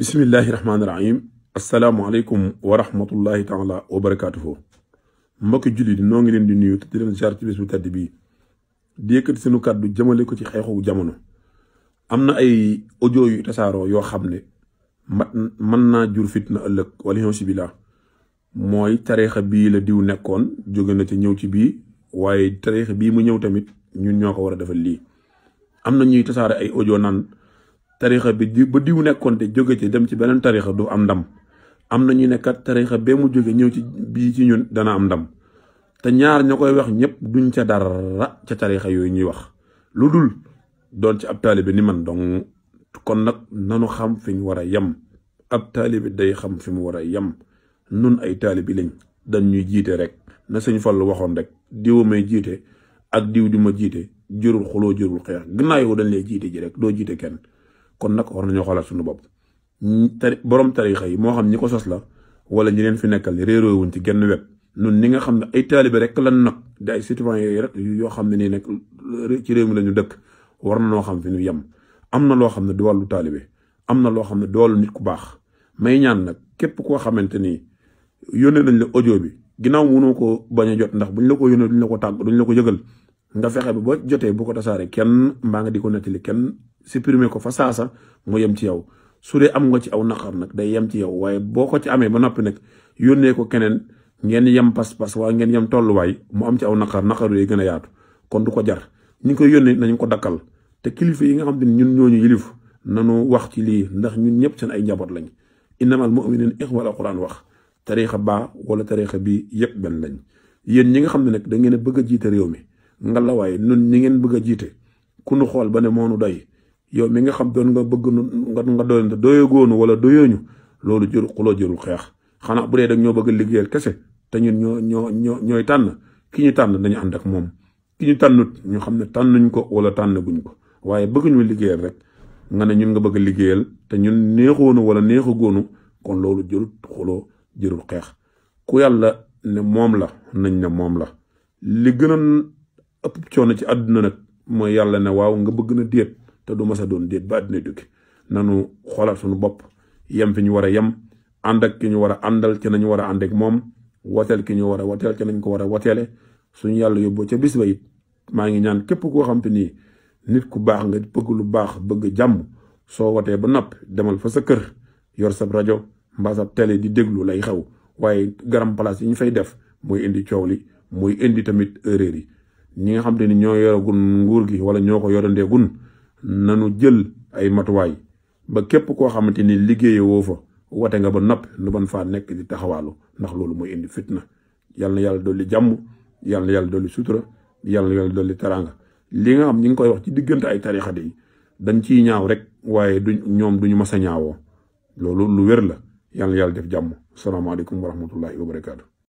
bismillahi rahmaani rahim asalaamualeykum wa rahmatullahi taala wa barakaatuhu mbokki julli di noo ngi leen di nuyu te di leen jaar ci bis bu tedd bii di yëkkati sunu kàddu jëmale ko ci xeexu jamono am na ay audio yu tasaaroo yoo xam ne mat mën naa jur fitna ëllëg wala ñëw si bi mooy tariixa bii la diw nekkoon jóge na ci ñëw ci bii waaye tariixa bii mu ñëw tamit ñun ñoo ko war a defal lii am na ñuy tasaare ay audio nan tarixa bi di ba diw nekkoon te jóge ci dem ci beneen tarixa du am ndam am na ñu nekkat tarixa bee mu jóge ñëw ci bii ci ñun dana am ndam te ñaar ña koy wax ñëpp duñ ca dara ca tarixa yooyu ñuy wax lu dul doon ci ab taalibe ni man don kon nag nanu xam fi ñu war a yem ab taalibe day xam fi mu war a yem nun ay taalibe lañ dañ ñuy jiite rek na fal lu waxoon rek diw may jiite ak diw di ma jiite jurul xuloo jurul xeex gannaaw yow dañ lay jiite ji rek doo jiite kenn kon nag war na ñoo xoolaat suñu bopp tari borom tarixa yi moo xam ñi ko sos la wala ñi leen fi nekkal réeróo wuñ ci genn wet nun ni nga xam ne ay taalibe rek lan nag di ay citoyen yi rek yoo xam ne nii nekk ci réew mi la ñu dëkk war na noo xam fi ñu yem am na loo xam ne du wàllu taalibe am na loo xam ne doolu nit ku baax may ñaan nag képp koo xamante ni yónnee nañ la audio bi ginnaaw mënoo ko bañ a jot ndax buñ la ko yónnee duñ la ko tàgg duñ la ko yëgal nga fexe bi ba jotee bu ko tasaare kenn mbaa nga di ko nettali kenn supprimer ko fa saasa mu yem ci yow su dee am nga ci aw naqar nag day yem ci yow waaye boo ko ci amee ba noppi nag yónnee ko keneen ngeen yem pas-pas waaye ngeen yem tolluwaay mu am ci aw naqar naqar yooyu gën a yaatu kon du ko jar ñu ngi koy yónnee nañu ko dakkal te kilifa yi nga xam ne ñun ñooñu yilif nanu wax ci lii ndax ñun ñëpp seen ay njaboot lañ innamal mu'minina ixwa la quran wax tariixa baa wala tariixa bii yëpp benn lañ yéen ñi nga xam ne nag da ngeen a bëgg a jiite réew mi nga la waaye nun ñi ngeen bëgg a jiite ku nu xool ba ne moo nu doy yow mi nga xam doon nga bëgg nga nga doon doyagóonu wala doyooñu loolu jëru xuloo jërul xeex xanaa bu dee dag ñoo bëgg liggéeyal kese te ñun ñoo ñoo ñoo ñooy tànn ki ñu tànn dañu ànd ak moom ki ñu tànnut ñu xam ne tànnuñ ko wala tànnaguñ ko waaye bëgguñu liggéeyal rek nga ne ñun nga bëgg liggéeyal te ñun neexoonu wala neexagoonu kon loolu jërut xuloo jërul xeex ku yàlla ne moom la nañ ne moom la li gën a ëpp coono ci àdduna nag mooy yàlla ne waaw nga bëgg na déet te du mës a doon déet ba àddina tukki nanu xoolal suñu bopp yem fi ñu war a yem ànd ak ki ñu war a àndal ci nañu war a àndeek moom woteel ki ñu war a woteel ci nañ ko war a woteele suñu yàlla yóbboo ca bis ba maa ngi ñaan képp koo xam te ni nit ku baax nga bëgg lu baax bëgg jàmm soo wotee ba nopp demal fa sa kër yor sab rajo mbaa sab télé di déglu lay xew waaye garam place yi ñu fay def muy indi coow li muy indi tamit erreur yi ñi nga xam te ni ñoo yoragun nguur gi wala ñoo ko yorandeegun nanu jël ay matuwaay ba képp koo xamante ni liggéeye fa wate nga ba napp nu ban faa nekk di taxawaalu ndax loolu mooy indi fitna yal na yàlla dolli jàmm yal na yàlla dolli sutura yal na yàlla dolli teraanga li nga xam ñi ngi koy wax ci diggante ay tarixa yi dañ ciy ñaaw rek waaye du ñoom duñu mas a ñaawoo loolu lu wér la yal na yàlla def jàmm salaamaaleykum wa rahmatullahi wa barakaatu